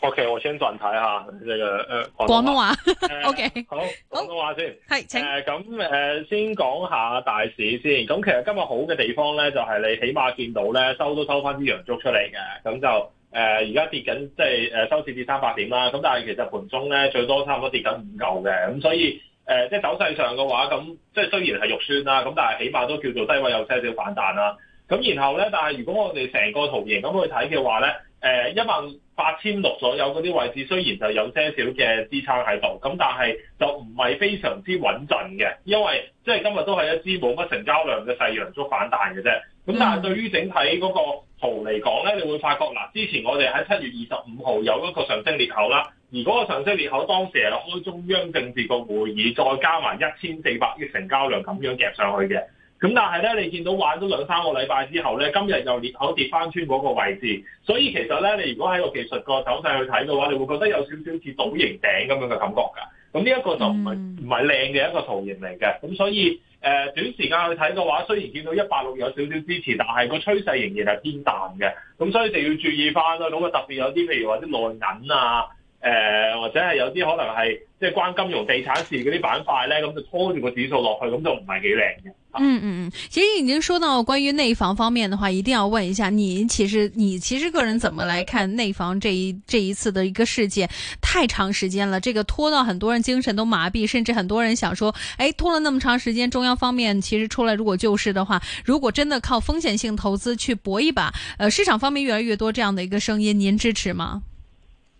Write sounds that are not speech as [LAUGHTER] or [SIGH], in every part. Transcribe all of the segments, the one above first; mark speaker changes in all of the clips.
Speaker 1: O、okay, K，我先轉睇下呢個誒廣東話。
Speaker 2: 呃、o Okay . K，、呃、好
Speaker 1: 廣東話先係，請好。咁誒、呃呃，先講下大市先。咁、呃、其實今日好嘅地方咧，就係、是、你起碼見到咧收都收翻啲陽燭出嚟嘅。咁就誒而家跌緊，即係誒收市跌三百點啦。咁但係其實盤中咧最多差唔多跌緊五嚿嘅。咁所以誒、呃、即係走勢上嘅話，咁即係雖然係肉酸啦，咁但係起碼都叫做低位有少少反彈啦。咁然後咧，但係如果我哋成個圖形咁去睇嘅話咧。誒一萬八千六左右嗰啲位置，雖然就有些少嘅支撐喺度，咁但係就唔係非常之穩陣嘅，因為即係、就是、今日都係一支冇乜成交量嘅細陽燭反彈嘅啫。咁但係對於整體嗰個圖嚟講呢，你會發覺嗱，之前我哋喺七月二十五號有一個上升裂口啦，而嗰個上升裂口當時係開中央政治局會議，再加埋一千四百億成交量咁樣夾上去嘅。咁但係咧，你見到玩咗兩三個禮拜之後咧，今日又裂口跌翻穿嗰個位置，所以其實咧，你如果喺個技術個走勢去睇嘅話，你會覺得有少少似倒形頂咁樣嘅感覺㗎。咁呢一個就唔係唔係靚嘅一個圖形嚟嘅。咁所以誒、呃，短時間去睇嘅話，雖然見到一百六有少少支持，但係個趨勢仍然係偏淡嘅。咁所以就要注意翻啦，咁、那、啊、個、特別有啲譬如話啲內銀啊。誒、呃，或者係有啲可能係即係關金融地產市嗰啲板塊呢，咁就拖住個指數落去，咁就唔係幾靚
Speaker 2: 嘅。嗯嗯嗯，其實已經說到關於內房方面的話，一定要問一下你，其實你其實個人怎麼來看內房這一這一次的一個事件？太長時間了，這個拖到很多人精神都麻痹，甚至很多人想說，誒、欸，拖了那麼長時間，中央方面其實出來如果救市的話，如果真的靠風險性投資去搏一把，呃，市場方面越來越多這樣的一個聲音，您支持嗎？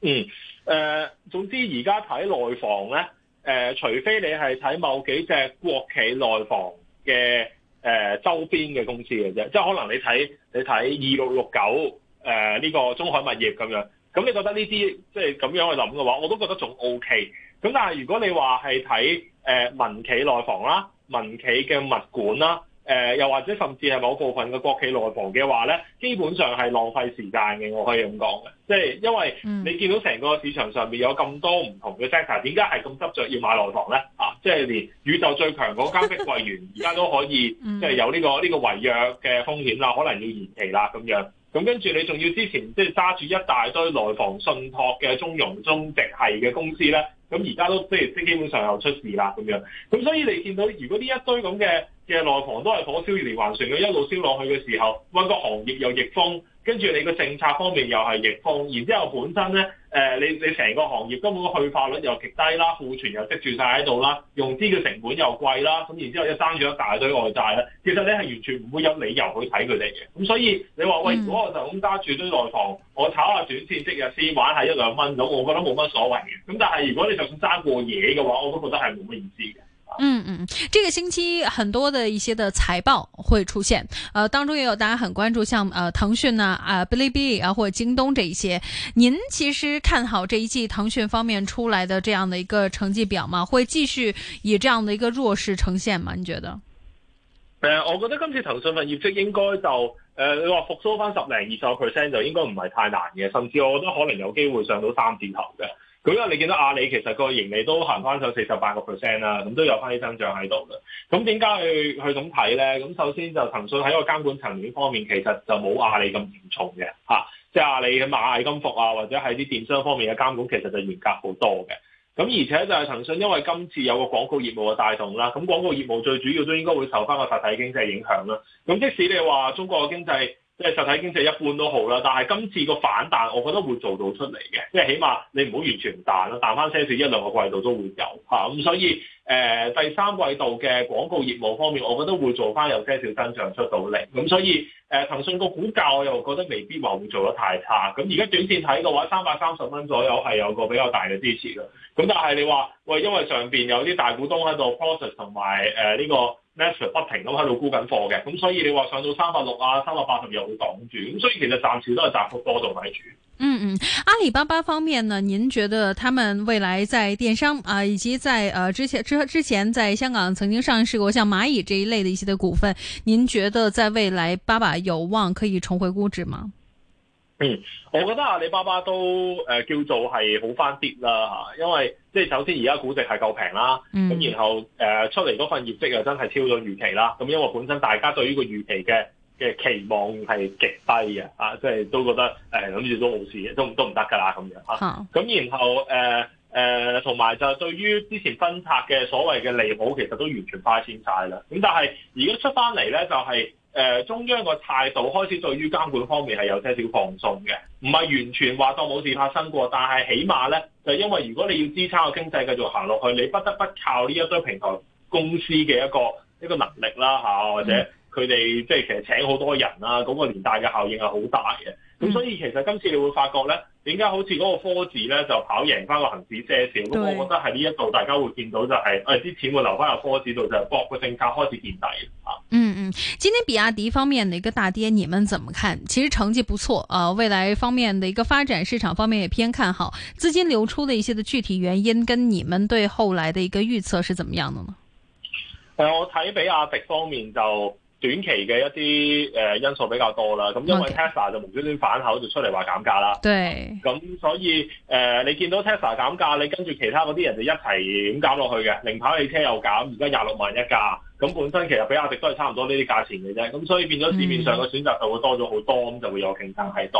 Speaker 2: 嗯。
Speaker 1: 誒、呃，總之而家睇內房咧，誒、呃，除非你係睇某幾隻國企內房嘅誒、呃、周邊嘅公司嘅啫，即係可能你睇你睇二六六九，誒、這、呢個中海物業咁樣，咁你覺得呢啲即係咁樣去諗嘅話，我都覺得仲 OK。咁但係如果你話係睇誒民企內房啦，民企嘅物管啦。誒、呃，又或者甚至係某部分嘅國企內房嘅話咧，基本上係浪費時間嘅，我可以咁講嘅。即係因為你見到成個市場上面有咁多唔同嘅 sector，點解係咁執着要買內房咧？啊，即係連宇宙最強嗰間碧桂園而家都可以， [LAUGHS] 即係有呢個、呢個違約嘅風險啦，可能要延期啦咁樣。咁跟住你仲要之前即係揸住一大堆內房信託嘅中融、中植系嘅公司咧。咁而家都即係即基本上又出事啦咁樣，咁所以你見到如果呢一堆咁嘅嘅內房都係火燒連環船嘅，一路燒落去嘅時候，個行業又逆風，跟住你個政策方面又係逆風，然之後本身咧誒、呃、你你成個行業根本個去化率又極低啦，庫存又積住晒喺度啦，融資嘅成本又貴啦，咁然之後又生咗一大堆外債咧，其實你係完全唔會有理由去睇佢哋嘅，咁所以你話喂，如果我就咁揸住堆內房，我炒下短線即日先玩下一兩蚊，咁我覺得冇乜所謂嘅，咁但係如果你就算爭過嘢嘅話，我都覺得
Speaker 2: 係冇乜意思嘅。嗯嗯，這個星期很多的一些的財報會出現，呃，當中也有大家很關注，像呃騰訊呢、啊，啊，嗶哩嗶哩啊，或者京東這一些，您其實看好這一季騰訊方面出來的這樣的一個成績表嗎？會繼續以這樣的一個弱勢呈現嗎？你覺得？
Speaker 1: 誒、呃，我覺得今次騰訊嘅業績應該就，誒、呃，你話復甦翻十零二十個 percent 就應該唔係太難嘅，甚至我覺得可能有機會上到三字頭嘅。咁因、嗯、你見到阿里其實個盈利都行翻上四十八個 percent 啦，咁都有翻啲增長喺度嘅。咁點解去去咁睇咧？咁首先就騰訊喺個監管層面方面，其實就冇阿里咁嚴重嘅嚇、啊，即係阿里嘅螞蟻金服啊，或者喺啲電商方面嘅監管其實就嚴格好多嘅。咁而且就係騰訊，因為今次有個廣告業務嘅帶動啦，咁廣告業務最主要都應該會受翻個實體經濟影響啦。咁即使你話中國嘅經濟，即係實體經濟一般都好啦，但係今次個反彈，我覺得會做到出嚟嘅，即係起碼你唔好完全唔彈啦，彈翻少少一兩個季度都會有嚇，咁、嗯、所以誒、呃、第三季度嘅廣告業務方面，我覺得會做翻有些少增長出到嚟，咁、嗯、所以誒騰訊個股價我又覺得未必話會做得太差，咁而家短線睇嘅話，三百三十蚊左右係有個比較大嘅支持啦，咁、嗯、但係你話喂，因為上邊有啲大股東喺度 process 同埋誒呢個。不停都喺度沽緊貨嘅，咁所以你話上到三百六啊，三百八十又會擋住，咁所以其實暫時都係窄幅多做底住。
Speaker 2: 嗯嗯，阿里巴巴方面呢？您覺得他們未來在電商啊、呃，以及在呃之前之之前在香港曾經上市過，像螞蟻這一類的一些的股份，您覺得在未來，巴巴有望可以重回估值嗎？嗯，
Speaker 1: 我覺得阿里巴巴都誒、呃、叫做係好翻啲啦嚇，因為。即係首先而家估值係夠平啦，咁、嗯、然後誒、呃、出嚟嗰份業績又真係超咗預期啦，咁因為本身大家對於呢個預期嘅嘅期望係極低嘅，啊即係都覺得誒諗住都冇事，都都唔得㗎啦咁樣啊，咁好然後誒誒同埋就對於之前分拆嘅所謂嘅利好，其實都完全化纖晒啦，咁但係而家出翻嚟咧就係、是。誒中央個態度開始對於監管方面係有些少放鬆嘅，唔係完全話當冇事發生過，但係起碼咧，就因為如果你要支撐個經濟繼續行落去，你不得不靠呢一堆平台公司嘅一個一個能力啦嚇、啊，或者佢哋即係其實請好多人啦，嗰、那個連帶嘅效應係好大嘅。咁、嗯、所以其實今次你會發覺呢，點解好似嗰個科指呢就跑贏翻個恒指些少？咁我覺得係呢一度大家會見到就係誒啲錢會流翻入科指度，就係博個政策開始見底，
Speaker 2: 嗯嗯，今天比亞迪方面的一個大跌，你們怎麼看？其實成績不錯啊、呃，未來方面的一個發展市場方面也偏看好。資金流出的一些的具體原因，跟你們對後來的一個預測是怎麼樣的呢？誒、
Speaker 1: 嗯，我、嗯、睇比亞迪方面就。短期嘅一啲誒、呃、因素比較多啦，咁、嗯、因為 Tesla 就無端端反口就出嚟話減價啦，咁對、嗯、所以誒、呃、你見到 Tesla 減價，你跟住其他嗰啲人就一齊咁減落去嘅，零跑汽車又減，而家廿六萬一架。咁本身其實比亞迪都係差唔多呢啲價錢嘅啫，咁所以變咗市面上嘅選擇就會多咗好多，咁就會有競爭喺度。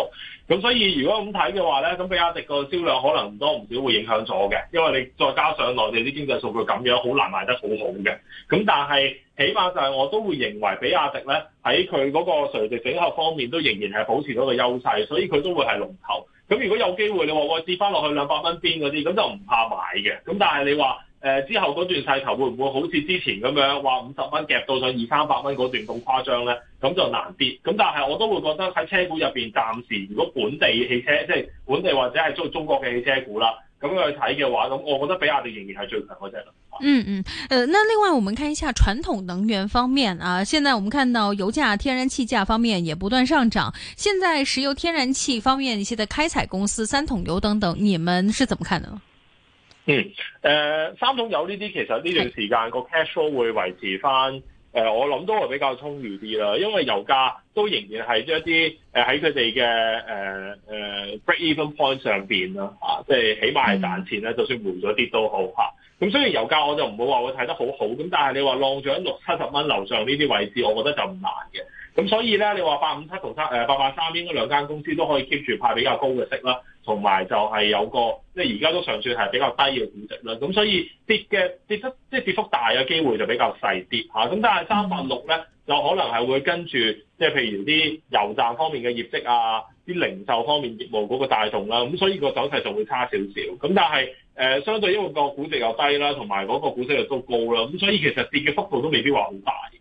Speaker 1: 咁所以如果咁睇嘅話咧，咁比亞迪個銷量可能唔多唔少會影響咗嘅，因為你再加上內地啲經濟數據咁樣，好難賣得好好嘅。咁但係起碼就係我都會認為比亞迪咧喺佢嗰個垂直整合方面都仍然係保持到個優勢，所以佢都會係龍頭。咁如果有機會你話我跌翻落去兩百蚊邊嗰啲，咁就唔怕買嘅。咁但係你話，誒、呃，之後嗰段勢頭會唔會好似之前咁樣，話五十蚊夾到上二三百蚊嗰段咁誇張呢？咁就難啲。咁但係我都會覺得喺車股入邊，暫時如果本地汽車，即係本地或者係中中國嘅汽車股啦，咁去睇嘅話，咁我覺得比亞迪仍然係最強嗰隻啦。
Speaker 2: 嗯嗯，誒，那另外我們看一下傳統能源方面啊，現在我們看到油價、天然氣價方面也不斷上漲。現在石油、天然氣方面，現在開採公司、三桶油等等，你們是怎麼看的呢？
Speaker 1: 嗯，誒、呃、三桶油呢啲其實呢段時間個 cash flow 會維持翻，誒、呃、我諗都係比較充裕啲啦，因為油價都仍然係一啲誒喺佢哋嘅誒誒 break even point 上邊咯，嚇、啊，即係起碼係賺錢咧，嗯、就算回咗啲都好嚇。咁所以油價我就唔會話會睇得好好，咁但係你話浪咗六七十蚊樓上呢啲位置，我覺得就唔難嘅。咁所以咧，你話八五七同三誒八八三應該兩間公司都可以 keep 住派比較高嘅息啦，同埋就係有個即係而家都尚算係比較低嘅估值啦。咁所以跌嘅跌得即係跌幅大嘅機會就比較細啲嚇。咁、啊、但係三八六咧，嗯、就可能係會跟住即係譬如啲油站方面嘅業績啊，啲零售方面業務嗰個帶動啦。咁、啊、所以個走勢就會差少少。咁、啊、但係誒、呃，相對因為個估值又低啦，同埋嗰個股息率都高啦。咁、啊、所以其實跌嘅幅度都未必話好大嘅。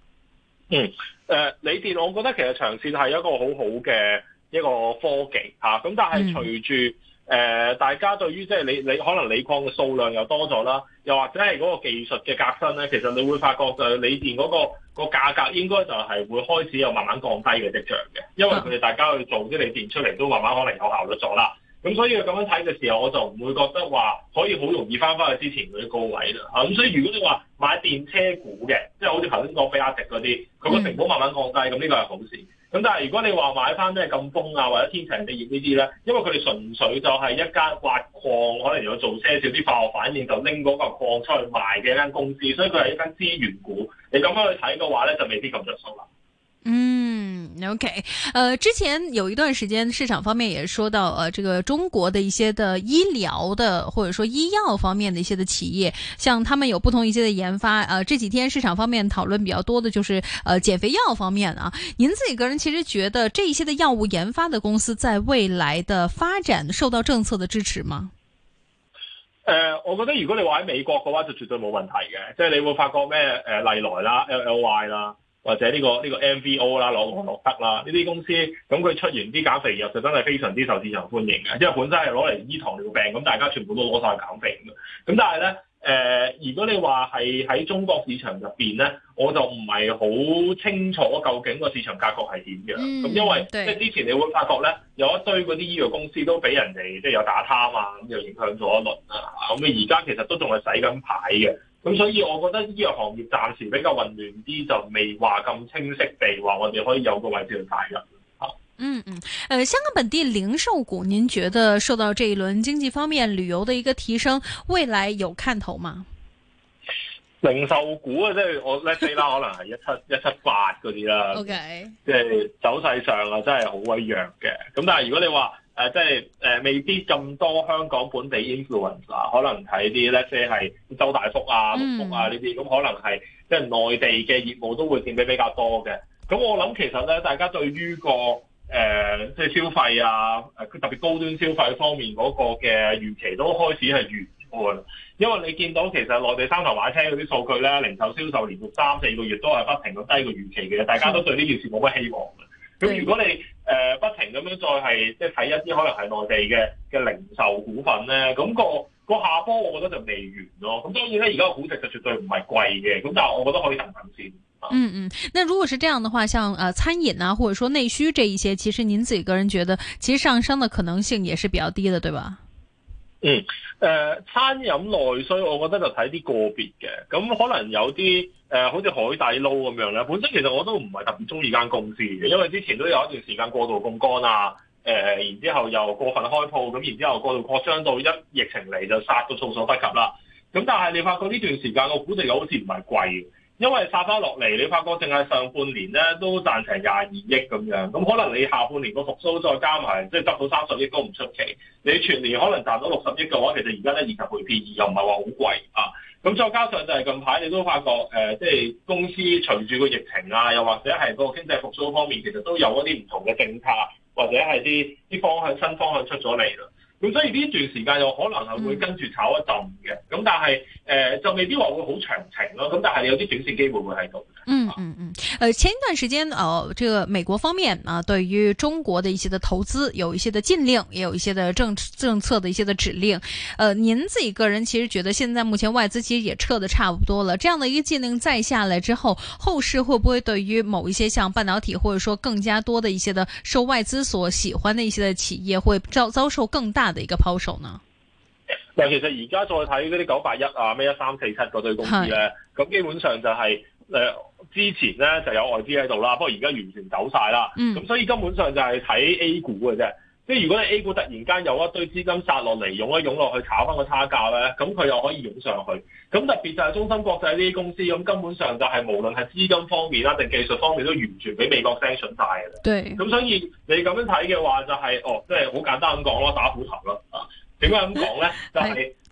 Speaker 2: 嗯，
Speaker 1: 誒、呃，鋰電，我覺得其實長線係一個好好嘅一個科技嚇，咁、啊、但係隨住誒大家對於即係你你可能鋰礦嘅數量又多咗啦，又或者係嗰個技術嘅革新咧，其實你會發覺誒鋰電嗰、那個個價格應該就係會開始有慢慢降低嘅跡象嘅，因為佢哋大家去做啲鋰電出嚟都慢慢可能有效率咗啦。咁所以佢咁樣睇嘅時候，我就唔會覺得話可以好容易翻翻去之前嗰啲高位啦嚇。咁所以如果你話買電車股嘅，即係好似頭先講比亞迪嗰啲，佢個成本慢慢降低，咁呢、mm. 個係好事。咁但係如果你話買翻咩咁豐啊或者天晴地熱呢啲咧，因為佢哋純粹就係一間挖礦，可能有做些少啲化學反應，就拎嗰個礦出去賣嘅一間公司，所以佢係一間資源股。你咁樣去睇嘅話咧，就未必咁著數啦。嗯。
Speaker 2: Mm. o、okay, k 呃，之前有一段時間，市場方面也說到，呃，這個中國的一些的醫療的或者說醫藥方面的一些的企業，像他們有不同一些的研發，呃，這幾天市場方面討論比較多的就是，呃，減肥藥方面啊。您自己個人其實覺得這一些的藥物研發的公司在未來的發展受到政策的支持嗎？呃，
Speaker 1: 我覺得如果你話喺美國嘅話，就絕對冇問題嘅，即係你會發覺咩？誒、呃，禮來啦，L L Y 啦。或者呢、這個呢、這個 MVO 啦，諾漢諾德啦，呢啲公司咁佢出完啲減肥藥，就真係非常之受市場歡迎嘅，因為本身係攞嚟醫糖尿病，咁大家全部都攞曬減肥咁，但係咧，誒、呃，如果你話係喺中國市場入邊咧，我就唔係好清楚究竟個市場格局係點樣。咁、嗯、因為對 即係之前你會發覺咧，有一堆嗰啲醫藥公司都俾人哋即係有打貪啊，咁又影響咗一輪啦。咁你而家其實都仲係使緊牌嘅。咁所以，我覺得醫藥行業暫時比較混亂啲，就未話咁清晰地話，我哋可以有個位置去帶入嗯嗯，
Speaker 2: 誒、嗯呃，香港本地零售股，您覺得受到這一輪經濟方面旅遊的一個提升，未來有看頭嗎？
Speaker 1: 零售股啊，即係我 last day 啦，可能係一七一七八嗰啲啦。OK，即係走勢上啊，真係好鬼弱嘅。咁但係如果你話，誒、啊，即係誒、呃，未必咁多香港本地 influencer，啊、可能睇啲咧，即係周大福啊、六福啊呢啲，咁、mm. 可能係即係內地嘅業務都會佔比比較多嘅。咁我諗其實咧，大家對於個誒即係消費啊，誒、呃、特別高端消費方面嗰個嘅預期都開始係緩慢，因為你見到其實內地三台買車三頭馬車嗰啲數據咧，零售銷售連續三四個月都係不停咁低過預期嘅，大家都對呢件事冇乜希望。Mm. 咁如果你誒、呃、不停咁樣再係即係睇一啲可能係內地嘅嘅零售股份咧，咁、那個個下波我覺得就未完咯、哦。咁當然咧，而家股值就絕對唔係貴嘅。咁但係我覺得可以等等
Speaker 2: 先。嗯嗯，那如果是這樣的話，像誒、呃、餐飲啊，或者說內需這一些，其實您自己個人覺得，其實上升的可能性也是比較低的，對吧？
Speaker 1: 嗯，誒、呃、餐飲內需，我覺得就睇啲個別嘅，咁、嗯、可能有啲誒、呃，好似海底撈咁樣咧。本身其實我都唔係特別中意間公司嘅，因為之前都有一段時間過度槓桿啊，誒、呃，然之後又過分開鋪，咁、嗯、然之後過度擴張到一疫情嚟就殺到措手不及啦。咁、嗯、但係你發覺呢段時間個股價又好似唔係貴嘅。因為殺翻落嚟，你發覺淨係上半年咧都賺成廿二億咁樣，咁可能你下半年個復甦再加埋，即係得到三十億都唔出奇。你全年可能賺到六十億嘅話，其實而家咧，二十倍撇，而又唔係話好貴啊。咁再加上就係近排你都發覺誒、呃，即係公司隨住個疫情啊，又或者係個經濟復甦方面，其實都有一啲唔同嘅政策，或者係啲啲方向新方向出咗嚟啦。咁所以呢段時間又可能係會跟住炒一陣嘅，咁、嗯、但係誒、呃、就未必話會好長情咯，咁但係有啲短線機會會喺度。
Speaker 2: 嗯嗯嗯，誒、嗯呃，前一段時間，哦、呃，這個美國方面啊、呃，對於中國的一些的投資，有一些的禁令，也有一些的政政策的一些的指令，呃，您自己個人其實覺得，現在目前外資其實也撤得差不多了，這樣的一個禁令再下來之後，後市會不會對於某一些像半導體，或者說更加多的一些的受外資所喜歡的一些的企業，會遭遭，遭受更大的一個拋售呢？
Speaker 1: 嗱、嗯，其實而家再睇嗰啲九八一啊，咩一三四七嗰堆公司咧，咁的基本上就係、是。誒，之前咧就有外資喺度啦，不過而家完全走晒啦。咁、嗯、所以根本上就係睇 A 股嘅啫。即係如果你 A 股突然間有一堆資金殺落嚟，湧 [NOISE] 一湧落去炒翻個差價咧，咁佢又可以湧上去。咁特別就係中芯國際呢啲公司，咁根本上就係無論係資金方面啦，定技術方面都完全俾美國 sanction 晒嘅。對。咁所以你咁樣睇嘅話、就是哦，就係哦，即係好簡單咁講咯，打斧頭咯。啊，點解咁講咧？就係、是。 [LAUGHS] 誒嗱、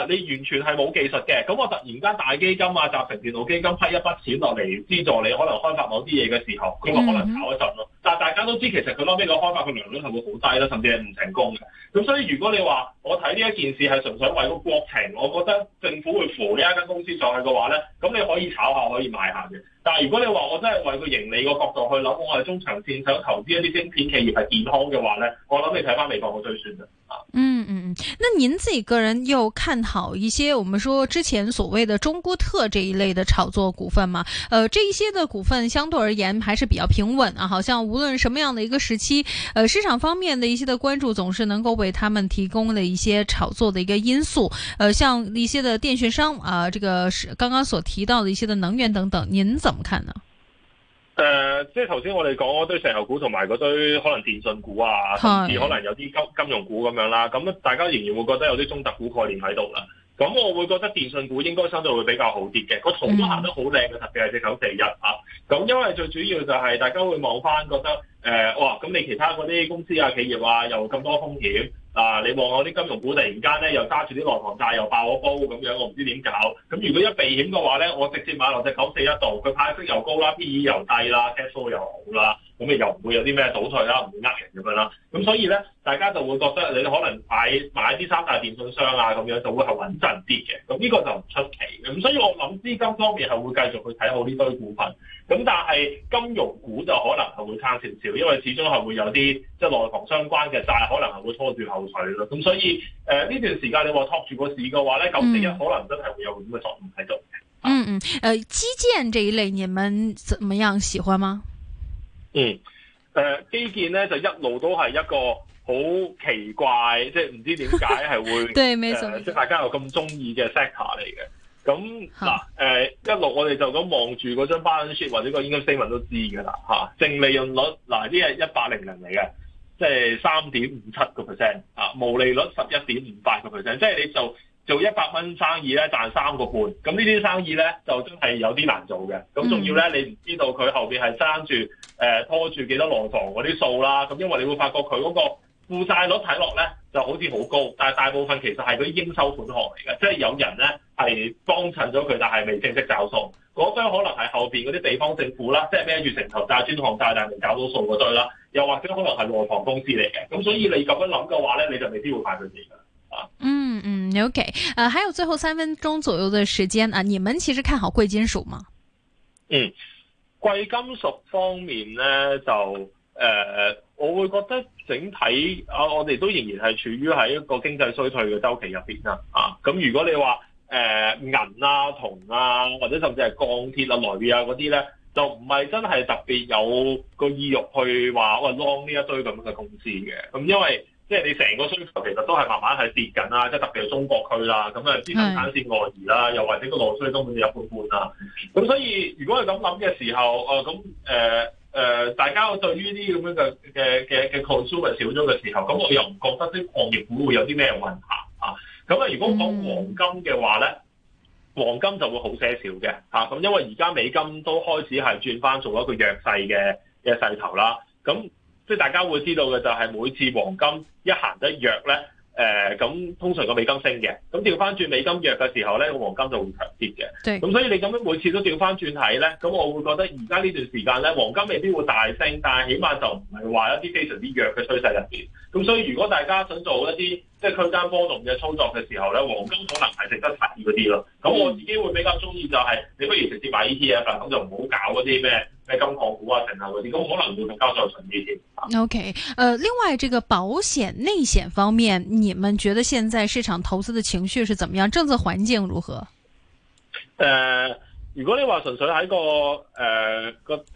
Speaker 1: 呃，你完全係冇技術嘅，咁我突然間大基金啊、集成電路基金批一筆錢落嚟資助你，可能開發某啲嘢嘅時候，咁我可能炒一陣咯。但大家都知，其實佢攞邊個開發佢量率係會好低啦，甚至係唔成功嘅。咁所以如果你話我睇呢一件事係純粹為個國情，我覺得政府會扶呢一間公司上去嘅話咧，咁你可以炒下，可以買下嘅。但係如果你話我真係為個盈利個角度去諗，我係中長線想投資一啲晶片企業係健康嘅話咧，我諗你睇翻美國嗰最算啦。啊、
Speaker 2: 嗯，嗯嗯嗯，那您自己個人又看好一些我們說之前所謂的中特估這一類的炒作股份嘛，誒、呃，這一些的股份相對而言還是比較平穩啊，好像。無論什麼樣的一個時期，呃，市場方面的一些的關注，總是能夠為他們提供了一些炒作的一個因素。呃，像一些的電訊商啊，這個是剛剛所提到的一些的能源等等，您怎麼看呢？誒、
Speaker 1: 呃，即係頭先我哋講嗰堆石油股同埋嗰堆可能電信股啊，甚至可能有啲金金融股咁樣啦，咁大家仍然會覺得有啲中特股概念喺度啦。咁我會覺得電訊股應該相對會比較好啲嘅，個圖都行得好靚嘅，特別係隻九四一啊。咁因為最主要就係大家會望返覺得，誒、呃，哇！咁你其他嗰啲公司啊、企業啊，又咁多風險嗱、啊，你望我啲金融股突然間咧又揸住啲內房債又爆咗煲咁樣，我唔知點搞。咁、啊、如果一避險嘅話咧，我直接買落隻九四一度，佢派息又高啦，P/E 又低啦 cash flow、SO、又好啦。咁咪又唔會有啲咩倒退啦，唔會呃人咁樣啦。咁所以咧，大家就會覺得你可能買買啲三大電訊商啊，咁樣就會係穩陣啲嘅。咁呢個就唔出奇。咁所以我諗資金方面係會繼續去睇好呢堆股份。咁但係金融股就可能係會差少少，因為始終係會有啲即係內房相關嘅，但係可能係會拖住後腿咯。咁所以誒呢、呃、段時間你話託住個市嘅話咧，九零一可能真係會有咁嘅作用喺度。嗯
Speaker 2: 嗯，誒的、嗯呃、基建這一類，你們怎麼樣喜歡嗎？
Speaker 1: 嗯，誒、呃，基建咧就一路都係一個好奇怪，即係唔知點解係會，即係 [LAUGHS] 沒、呃、大家有咁中意嘅 sector 嚟嘅。咁嗱，誒、啊呃，一路我哋就咁望住嗰張 balance sheet 或者個 income statement 都知噶啦，吓、啊、淨利潤率嗱，呢係一百零零嚟嘅，即係三點五七個 percent，啊，毛利率十一點五八個 percent，即係你就做一百蚊生意咧賺三個半，咁呢啲生意咧就真係有啲難做嘅，咁仲要咧你唔知道佢後邊係生住，誒，拖住幾多內房嗰啲數啦，咁因為你會發覺佢嗰個負債率睇落咧就好似好高，但係大部分其實係嗰啲應收款項嚟嘅，即係有人咧係幫襯咗佢，但係未正式找數。嗰張可能係後邊嗰啲地方政府啦，即係孭住城投債、專項債，但係未搞到數嗰對啦，又或者可能係內房公司嚟嘅。咁所以你咁樣諗嘅話咧，你就未必會派對住噶。啊、
Speaker 2: 嗯，嗯嗯，OK，誒，還有最後三分鐘左右嘅時間啊，你們其實看好貴金屬嗎？嗯。
Speaker 1: 貴金屬方面咧，就誒、呃，我會覺得整體啊，我哋都仍然係處於喺一個經濟衰退嘅周期入邊啦。啊，咁如果你話誒銀啊、銅啊，或者甚至係鋼鐵啊、鋁啊嗰啲咧，就唔係真係特別有個意欲去話哇 long 呢一堆咁樣嘅公司嘅，咁、啊、因為。即係你成個需求其實都係慢慢係跌緊啦，即係特別中國區啦，咁啊資產先外移啦，又或者個內需都好似一半半啦。咁所以如果係咁諗嘅時候，哦咁誒誒，大家對於啲咁樣嘅嘅嘅嘅 consumer 少咗嘅時候，咁我又唔覺得啲行業股會有啲咩雲霞啊。咁啊，如果講黃金嘅話咧，黃金就會好些少嘅嚇。咁、啊、因為而家美金都開始係轉翻做一個弱勢嘅嘅勢頭啦，咁、啊。嗯即係大家會知道嘅就係每次黃金一行得弱咧，誒、呃、咁通常個美金升嘅，咁調翻轉美金弱嘅時候咧，個黃金就會強啲嘅。咁對所以你咁樣每次都調翻轉睇咧，咁我會覺得而家呢段時間咧，黃金未必會大升，但係起碼就唔係話一啲非常之弱嘅趨勢入邊。咁所以如果大家想做一啲即係區間波動嘅操作嘅時候咧，黃金可能係值得測試嗰啲咯。咁我自己會比較鍾意就係、是、你不如直接買依啲嘢份，咁就唔好搞嗰啲咩。喺金控股啊、成啊嗰啲，咁可能會更加受歡
Speaker 2: 迎啲。O、okay. K，呃，另外，這個保險內險方面，你們覺得現在市場投資的情緒是怎麼樣？政策環境如何？
Speaker 1: 誒、呃，如果你話純粹喺個誒、呃、個，個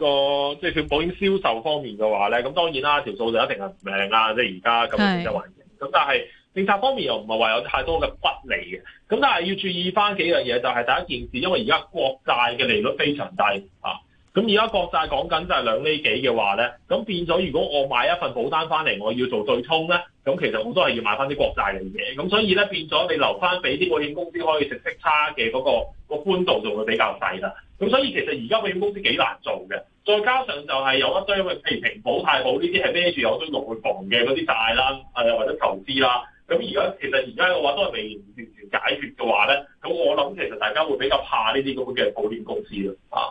Speaker 1: 即係保險銷售方面嘅話咧，咁當然啦，條數就一定係唔靚啦。即係而家咁嘅環境，咁是但係政策方面又唔係話有太多嘅不利嘅。咁但係要注意翻幾樣嘢，就係、是、第一件事，因為而家國債嘅利率非常低啊。咁而家國債講緊就係兩釐幾嘅話咧，咁變咗如果我買一份保單翻嚟，我要做對沖咧，咁其實我都係要買翻啲國債嚟嘅，咁所以咧變咗你留翻俾啲保險公司可以食息差嘅嗰個個寬度，就會比較細啦。咁所以其實而家保險公司幾難做嘅，再加上就係有啲因為譬如平保、太保呢啲係孭住有啲內房嘅嗰啲債啦，誒或者投資啦，咁而家其實而家嘅話都係未完全解決嘅話咧，咁我諗其實大家會比較怕呢啲咁嘅保險公司咯，啊。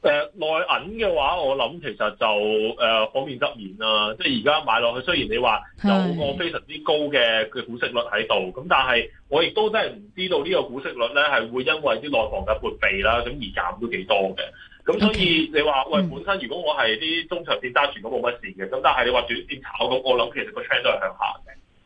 Speaker 1: 誒、呃、內銀嘅話，我諗其實就誒、呃、可憐執面啦，即係而家買落去，雖然你話有個非常之高嘅嘅股息率喺度，咁的但係我亦都真係唔知道呢個股息率咧係會因為啲內房嘅撥備啦，咁而減咗幾多嘅，咁所以你話 Okay. 喂，本身如果我係啲中長線揸住都冇乜事嘅，咁、嗯、但係你話短線炒咁，我諗其實個 trend 都係向下嘅。